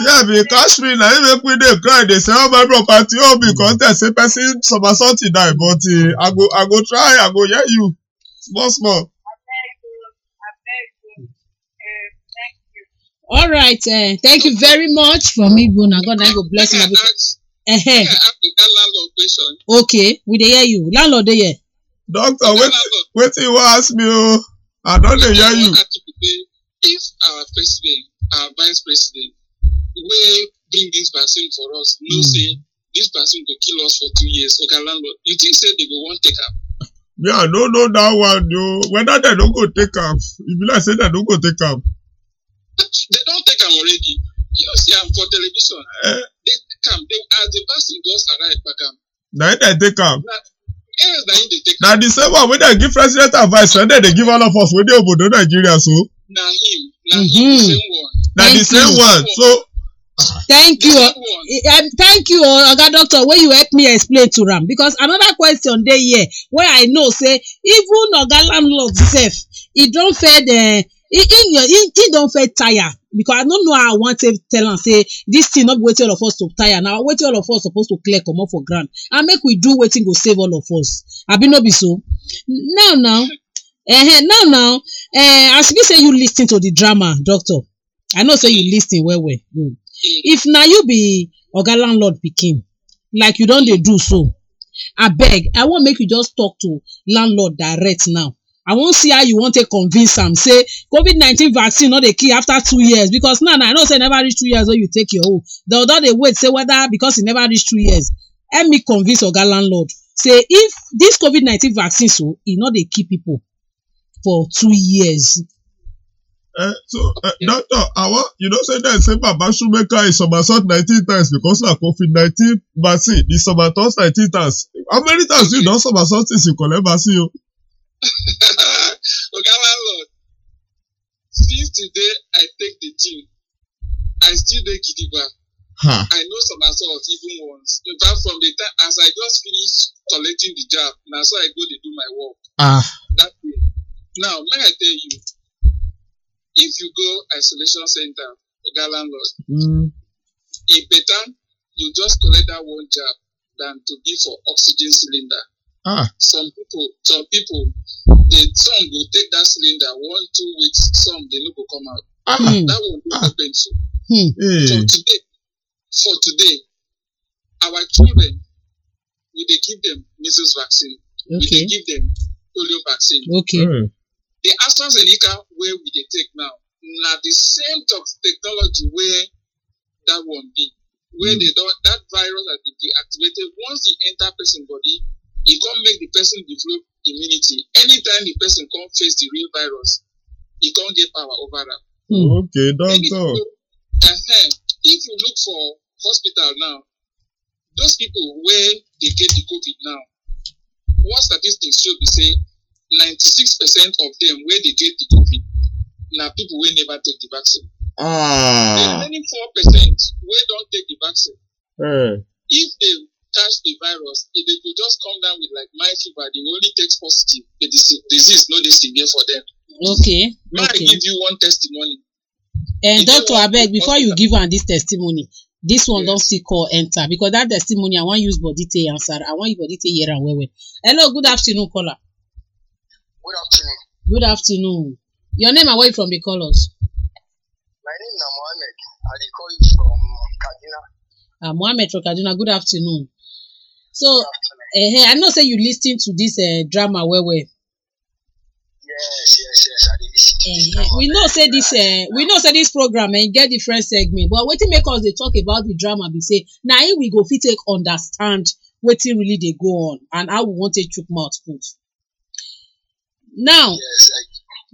Yeah, because me na even make we dey cry dey sell my property oh because dem say person somersaulti die but eh, I go I go try I go hear you small small. all right uh, thank you very much for me gbona god na go bless una because. Uh -huh. okay we dey hear you landlord dey here. doctor wetin you wan ask me o oh? i don dey hear you. if our president our vice president wey bring dis vaccine for us know mm. say dis vaccine go kill us for two years oga okay, landlord you think say they go wan take am. me i no know that one o whether dem no go take am e be like say dem no go take am. dem don take am already you see am for television. Eh. they take am they as the vaccine just arrive back am. na im take am. na dey take am. na the same one wey dem give president advice wey dem dey give all of us wey dey obodo nigeria so. na him na him the mm-hmm. same one. na the same one so thank you eh, um, thank you oh, oga doctor wey you help me explain to am because another question dey here wey i know say even oga landlord sef e don fed uh, e don fed tire because i no know how i wan take tell am say this thing no be wetin all of us to tire na wetin all of us suppose to clear comot for ground and make we do wetin go save all of us abi no be so now now uh, now now uh, as e be say you lis ten to the drama doctor i know say you lis ten well well. Mm if na you be oga landlord pikin like you don dey do so abeg i wan make you just talk to landlord direct now i wan see how you wan take convince am say covid nineteen vaccine no dey kill after two years because now i know say e never reach two years wey you take your own dem don dey wait say whether because e never reach two years help me convince oga landlord say if this covid nineteen vaccine so e no dey kill people for two years Uh, so, uh, doctor, I want, you don't say that say Baba Shumeka is somersault 19 times because na COVID-19 vaccine, the somersault 19 times. How many times do you don somersault oh? since you collect vaccine? Oga okay, my lord, since today I take the thing, I still dey gidigba. Huh. I know somersault even once. In fact, from the time as I just finish collecting the jab, now so I go to do my work. Ah. That day. Now, make I tell you, if you go isolation center oga landlord mm. e better you just collect that one jab than to be for oxygen cylinder ah. some people some people they some will take that cylinder one two weeks some they will come out ah. that one dey ah. painful hmm. hey. for today for today our children we give them measles vaccine okay. we give them polio vaccine. Okay. The Aston Zeneca wey we dey take now na the same technology wey that one be. Wey hmm. they don that virus that been deactivated once e enter person body, e come make the person develop immunity. Anytime the person come face the real virus, e come get power over am. Hmm. Okay, doctor. Uh-huh. If you look for hospital now, those people wey dey get the COVID now, one statistics show be say ninety-six percent of them wey dey get the covid na people wey never take the vaccine. Ah. the remaining four percent wey don take the vaccine. Mm. if they catch the virus e dey go just come down with like mild fever dey only test positive the disease, disease no dey severe for them. okay May okay. i give you one testimony. Uh, doctor abeg before you give am this testimony this one yes. don still call enter because that testimony i wan use body take answer i wan use body take hear am well well hello good afternoon caller. Good afternoon. Good afternoon. Your name and where you from? The callers. My name is Mohammed. I call you from Kaduna. Uh, Mohammed from Kaduna. Good afternoon. So, Good afternoon. Uh, I know say you listening to this uh, drama well well. Yes, yes, yes. I listen to this We know say this. Uh, we know say this program and uh, e get different segment, but wetin make us dey talk about the drama be say na we go fit take understand wetin really dey go on and how we wan take chook mouth put now yes,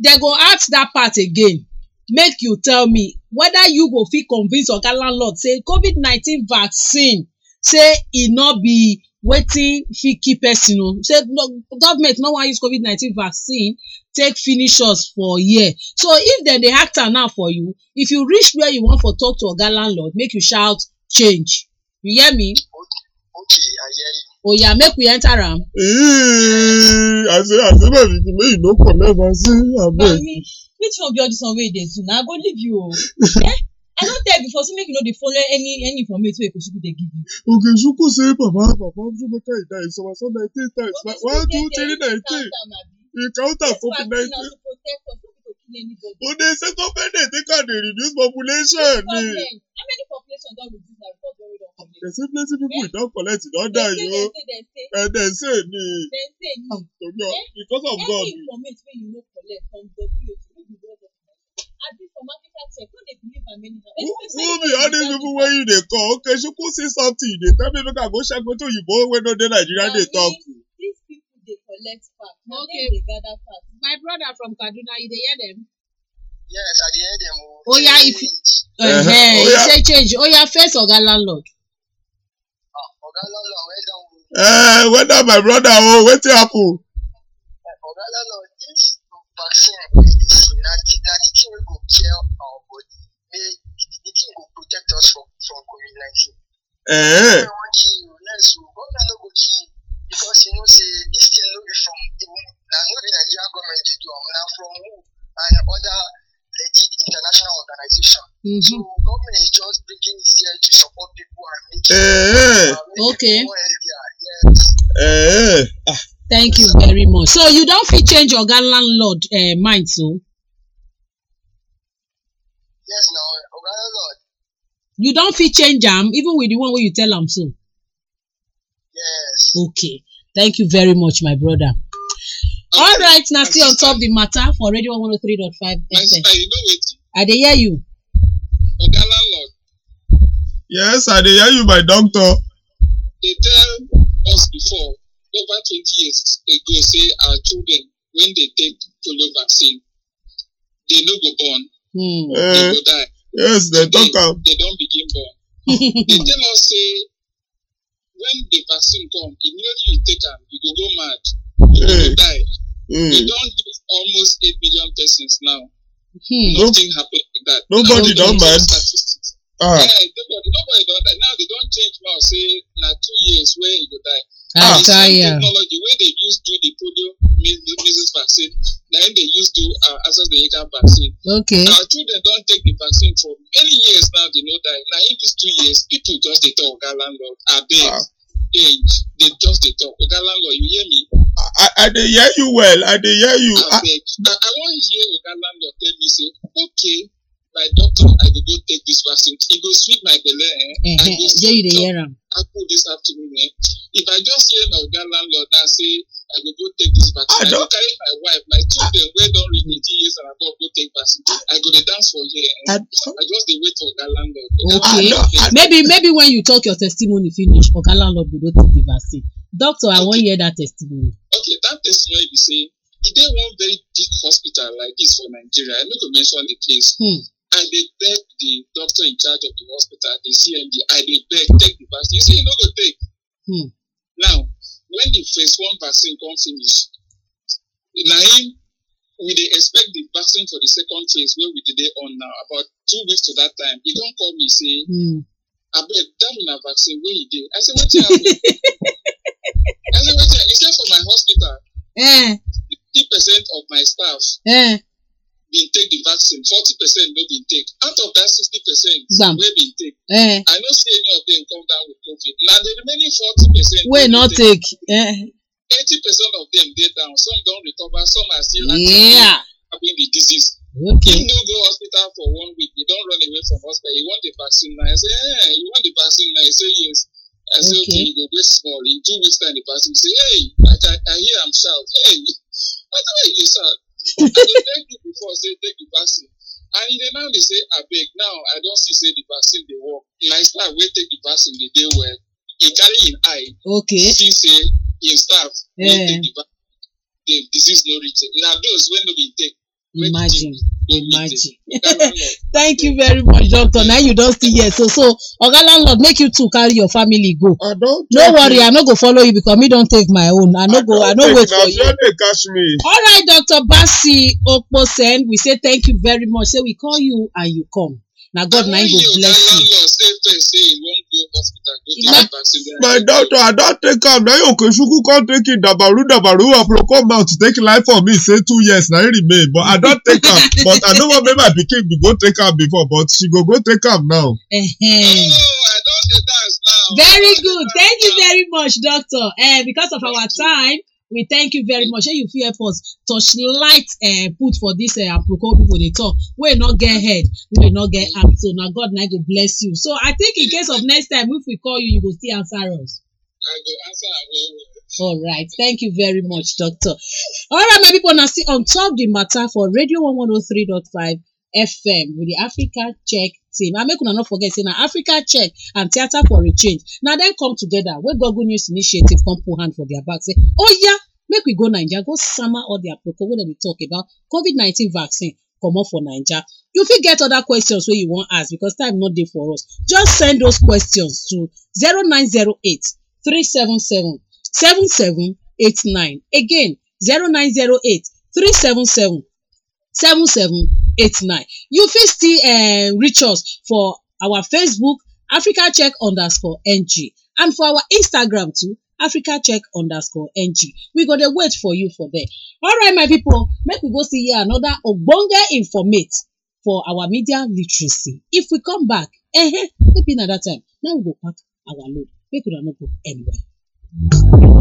dem go ask that part again make you tell me whether you go fit convince oga landlord say covid nineteen vaccine say e no be wetin fit kill person o say no government no wan use covid nineteen vaccine take finish us for here so if dem dey act am now for you if you reach where you wan for talk to oga landlord make you shout change you hear me. okay okay i hear you oya make we enter am. ase ase na the thing wey you no connect ase abeg. mami which one be all this one wey you dey do na i go leave you o. *laughs* Eh, i don tell you before say make you no dey follow any any information wey ekosuku dey give you. okechukwu say papa papa jumeka e ida isomasa nineteen times one two three nineteen e counter for nineteen. Ude say government dey take am dey reduce population How many population don reduce na report wey we don collect? Dem say plenty people e don collect e don die o. Dem say ni. Dem say ni. Ah, eh? Because of God. Any information wey you no collect from WHO wey you don get abi from Africa check no dey believe am anyhow. Who be all these people wey you dey call? Okay, Chukwu see something you dey tell me make I go check wetin Oyinbo wey no dey Nigeria dey talk collect pack. Na okay. dem dey gather pack. My brother from Kaduna, you dey hear them? Yes, I dey hear dem oh. oh yeah, if you uh -huh. oh, yeah. say change, Oh yeah, first oga landlord. Ah, oga landlord where done o. Eh, where done my brother Oh, where to happen? Eh, oga landlord, this vaccine wey dey see Now the thing wey go cure our body make the thing go protect us from from COVID nineteen. Eh. If you next o, oh, government go kill you because you know say this thing no be from even na no be Nigerian government dey do am na from who and other legit international organization. Mm -hmm. So government is just bringing it here to support people and make uh, -huh. uh, okay. people more healthier. Yes. Uh, ah. Thank you very much. So you don fit change your landlord uh, mind so. Yes, now, Oga landlord. You don fit change am even with the one wey you tell am so. Yes. Okay. Thank you very much, my brother. Okay. All right, now still on top the matter for Radio 103.5 FM. My sister, you know it. I dey hear you. Oga landlord. Yes, I dey hear you, my doctor. They tell us before, over 20 years ago, say our children, when they take polio vaccine, they no go born. Mm. Uh, they go eh, die. Yes, they Today, talk They don't begin born. they tell us say when the vaccine come immediately you take am you go go mad you go mm. die mm. we don do almost eight million persons now hmm. nothing no, happen like that nobody don mad ah yeah, nobody nobody don die now they don change now say na two years wey you go die ah, and the same technology wey they use do the polio measles vaccine. Now, they used to uh, access the Ika vaccine. Okay. Now, children don't take the vaccine for many years now. They no die. Now, in these two years, people just they talk Oga landlord. I beg. Wow. Ah. Age. They just they talk Oga landlord. You hear me? I, I they hear you well. I they hear you. Ah. I, I, I, I want hear Oga landlord tell me say, okay, my doctor, I go go take this vaccine. It e go sweet my belly. Eh? Uh-huh. I eh, eh, go yeah, you hear him. I go this afternoon. Eh? If I just hear my Oga landlord and say. I go go take this vaccine. I, I go carry my wife, my children ah. wey don reach eighteen years and above go take vaccine. I go dey dance for here. Eh? I, I just dey wait for Oga landlord. Okay, maybe maybe when you talk your testimony finish, Oga landlord go don take the vaccine. Doctor, okay. I wan hear that testimony. Okay, that testimony be say e dey one very big hospital like this for Nigeria. I no go mention the place. Hmm. I dey beg the doctor in charge of the hospital, the CMD. I dey beg take the vaccine. You say you e no go take. Hmm. Now when the first one vaccine come finish na him we dey expect the vaccine for the second phase wey we dey on now about two weeks to that time he don call me say mm. abeg that una vaccine wey you dey i say wetin happen *laughs* i say wetin he say for my hospital eh. fifty percent of my staff. Yeah been take the vaccine forty percent no been take out of that sixty percent wey been take eh. i no see any of them come down with covid na the remaining forty percent wey no take eh. eighty percent of them dey down some don recover some are still yeah. having the disease okay. if no go hospital for one week He don run away from hospital He want the vaccine now i say eh you want the vaccine now i say yes I say, okay, you go wait small. In two weeks time, the vaccine. say, hey, I, I, I hear I'm shout. Hey, *laughs* I say, hey, you shout you thank you before say take the vaccine and then now they say abeg now i don see say the vaccine dey work my staff wey take the vaccine dey dey well e carry im eye okay. see say im staff yeah. take the vaccine the disease no reach na those wey no bin take imagine imagine *laughs* thank you very much doctor na you don still hear so so oga landlord make you too carry your family go oh, no worry i no go follow you because me don take my own i no go i no wait for you all right doctor basi okposen we say thank you very much say we call you and you come na god na him go bless you. My, my doctor, I don't take am. Na your Okechukwu come take it. Dabaru Dabaru Afro come out to take life for me. Say two years na him remain. But I don't take am. *laughs* But I no wan make my pikin be go take am before. But she go go take oh, am now. Very good. Thank you very much, doctor. Uh, because of our time, we thank you very much. Shey you fit help us touch light uh, put for this uh, eh, aproko people dey talk. We not get head, we not get arm. So now God now e go bless you. So I think in case of next time if we call you, you go still answer us. All right, thank you very much, Doctor. All right, my people, now see on top the matter for Radio 1103.5 FM with the Africa Check team and make una no forget say na africa check and theatre for a change na dem come together wey google news initiative come put hand for their back say oya oh, yeah, make we go naija go sama all their protocol wey dem dey talk about covid nineteen vaccine comot for naija you fit get other questions wey you wan ask because time no dey for us just send those questions to zero nine zero eight three seven seven seven seven eight nine again zero nine zero eight three seven seven seven seven 89 you fit still um reach us for our facebook africa check underscore ng and for our instagram too africa check underscore ng we go dey wait for you for there All right, my people. make we go see here another ogbonge informate for our media literacy if we come back eh maybe another time Now we go pack our load We una no go anywhere.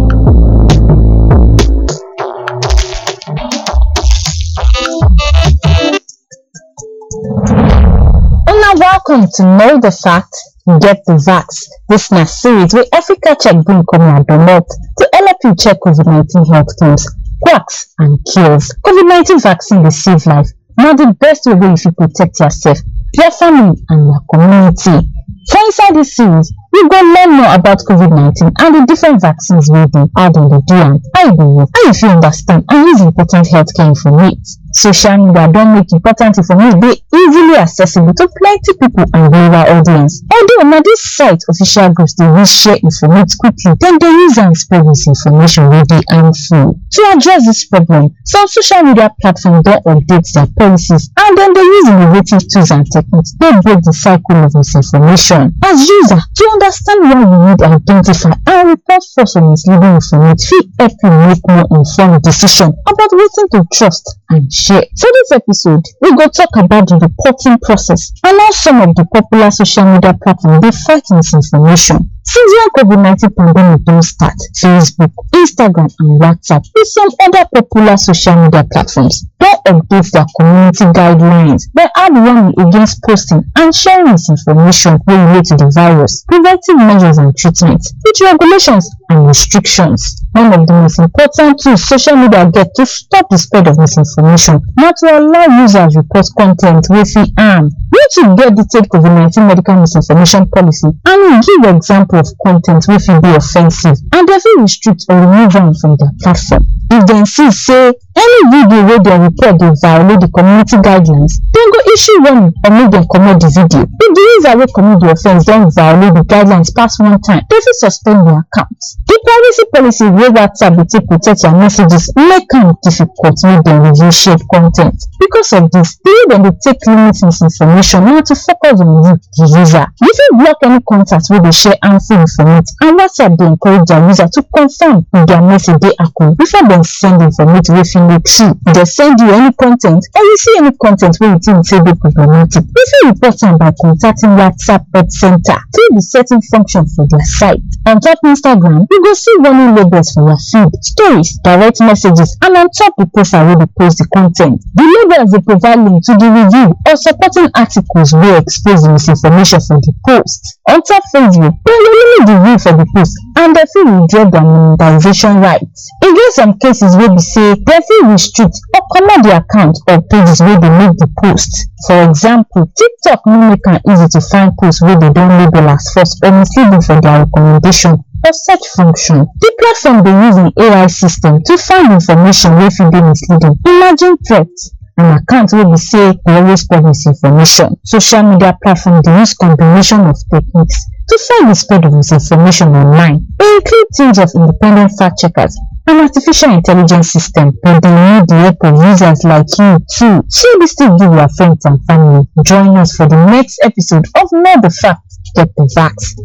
now welcome to Know the Facts, Get the Vax. This next series where Africa check bring come and donut to help you check COVID-19 health claims, quacks and cures. COVID-19 vaccine will save life. Now the best way if you protect yourself, your family and your community. Find inside this series, you go learn more about COVID-19 and the different vaccines we dey how dem the do I how e dey how you fit understand and use important healthcare information, Social media don make important information dey easily accessible to plenty people and global audience. Although na dis site official groups dey use share information quickly, dem dey use am spread misinformation wey dey harmful. To address dis problem, some social media platforms don update their policies and dem dey use innovative tools and techniques to break the cycle of misinformation. As user, to understand Understand why you need and identify and ah, report false or misleading information fit help you make more informed decision about waiting to trust and share. For this episode, we go talk about the reporting process and how some of the popular social media platforms they fight misinformation. Since when COVID-19 pandemic don start, Facebook, Instagram and WhatsApp and some other popular social media platforms don update their community guidelines by add warning against posting and sharing misinformation wey relate to the virus, preventing measures and treatment with regulations and restrictions one of the most important tools social media get to stop the spread of misinformation na to allow users report con ten t wey fit harm. youtube get detailed covid-19 medical misinformation policy and e give example of con ten t wey fit dey offensive and dem fit restrict or remove am from their platform. if dem see say any video wey dem report dey violate the community guidelines dem go issue warning or make dem comot the video. if the user wey commit the offense, don violate the guidelines pass one time dem fit suspend their account. the privacy policy wey wey whatsapp dey take protect your messages make am difficult make dem review shared content Because of this. di way dem dey take limit misinformation na to focus on you, di user. You fit block any contact wey dey share harmful information? and whatsapp dey encourage dia user to confirm if dia message dey accurate before they send information with fit no true. If send you any content? ten or you see any content ten t wey you think say problematic, you fit report am by contacting whatsapp help center through di setting function for their site. On top Instagram, you go see warning labels Your feed, stories, direct messages, and on top the poster wey dey post the con ten The labels dey provide link to the review or supporting articles wey expose the misinformation for the post. On top you, dem dey limit the view for the post and e dem fit withdraw the monetization rights. E some cases where we say they will restrict or comot the account or pages where they make the post. For example, TikTok may make am easy to find posts where they don't label as false or misleading for their recommendation. For search function, the platform dey use AI system to find information wey fit dey misleading, Imagine threats and accounts will be say dey always spread misinformation. Social media platform dey use combination of techniques to find di spread of misinformation online. E include teams of independent fact checkers and artificial intelligence system wey dey need di help of users like you too. Share this tip give your friends and family. Join us for the next episode of Know the Facts. Get the Facts.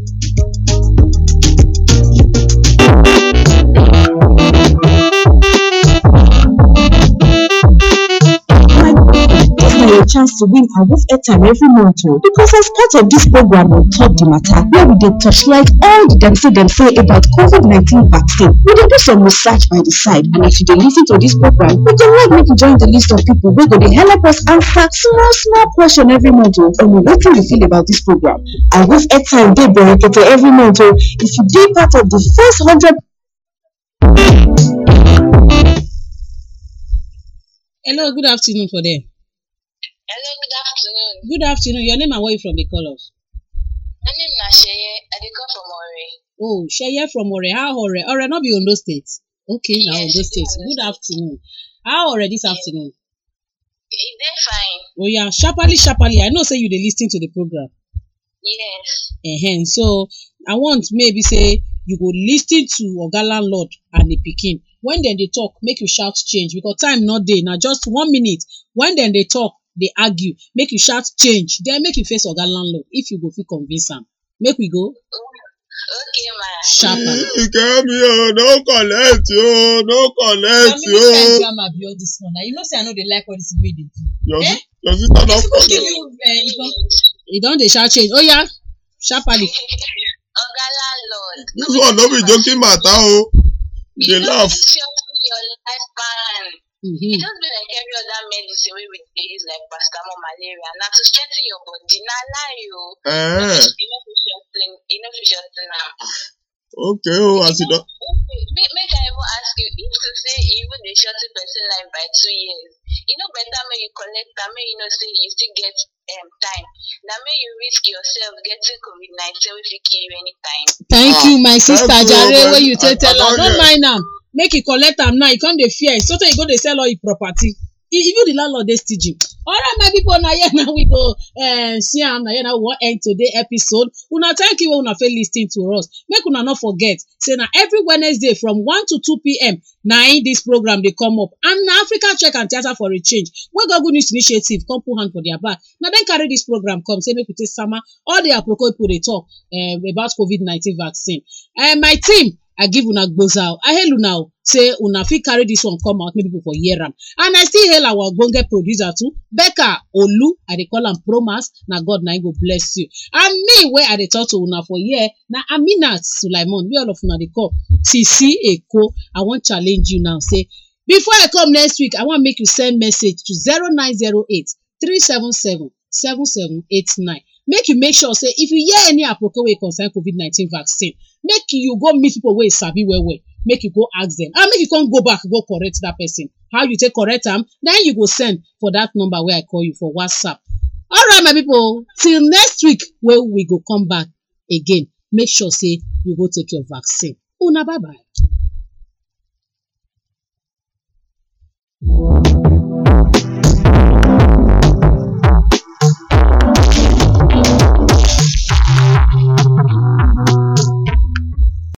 giving you a chance to win above airtime every month oh. because as part of this program on oh, top the matter where we touch, like all the dem say dem say about covid nineteen vaccine we dey do some research by the side and as you dey to this program we dey like make you join the list of people who go the help us answer small small question every month And what do you feel about this program above airtime dey berekete every month oh. if you be part of the first hundred. Hello, good afternoon for them. Hello, good afternoon. Good afternoon. Your name and where you from the call-off? My name na Sheye. I dey call from Ore. Oh, Sheye from Ore. How Ore? Ore no be Ondo State. Okay, yes, na Ondo State. Good afternoon. How Ore this yes. afternoon? E dey fine. Oh yeah, sharply, sharply. I know say you dey lis ten to the program. Yes. Uh-huh. So I want maybe say you go lis ten to oga landlord and the pikin when dem dey talk make you shout change because time no dey na just one minute when dem dey talk dey argue make you shout change Then make you face oga landlord if you go fit convince am make we go okay ma. sharper. kemi no collect o no collect o. you know say i know they like all this wey dey do. your eh? your sister eh, don fall down. e don dey shout change Oh yeah, sharply. this one no be joking matter o. you dey laugh. your life balance. Mm-hmm. It just be like every other medicine we they use like paracetamol, malaria. Now to strengthen your body, now lie you. Uh-huh. You know you know now. Okay, oh, it don't. Make, I even ask you, if to say even the shortest person life by two years, you know better may you collect, that may you know say you still get um, time. Now, may you risk yourself getting COVID 19 if you kill you anytime. Thank ah, you, my sister Jare, where you tell tell her. Don't mind am. Make you collect them now. You come the fear. So you go to sell all your property. E, even the landlord dey stingy. All right, my people, now yeah, *laughs* now we go Uh, see am. Now yeah, now we want end today episode. Una thank you, una for listening to us. Make una not forget. Say now every Wednesday from one to two p.m. Now this program they come up. And na Africa Check and Theatre for a Change, We where Google News Initiative come put hand for their back. Now then carry this program come say make we take summer. All the apropos people they talk Uh, about COVID nineteen vaccine. And uh, eh, my team i give una gboza o i hail una o say una fit carry dis one come out make pipo for hear am and i still hail our ogbonge producer too becca olu i dey call am promas na god na im go bless you and me wey i dey talk to una for here na aminat Sulaimon. wey all of una dey call tisi eko i wan challenge you now say before i come next week i wan make you send message to zero nine zero eight three seven seven seven seven eight nine make you make sure say if you hear any aproko wey concern covid nineteen vaccine make you go meet people wey sabi well well make you go ask them. and ah, make you come go back go correct that person how you take correct am Then you go send for that number wey i call you for whatsapp All right, my people. till next week wey we go come back again make sure say you go take your vaccine una bye bye.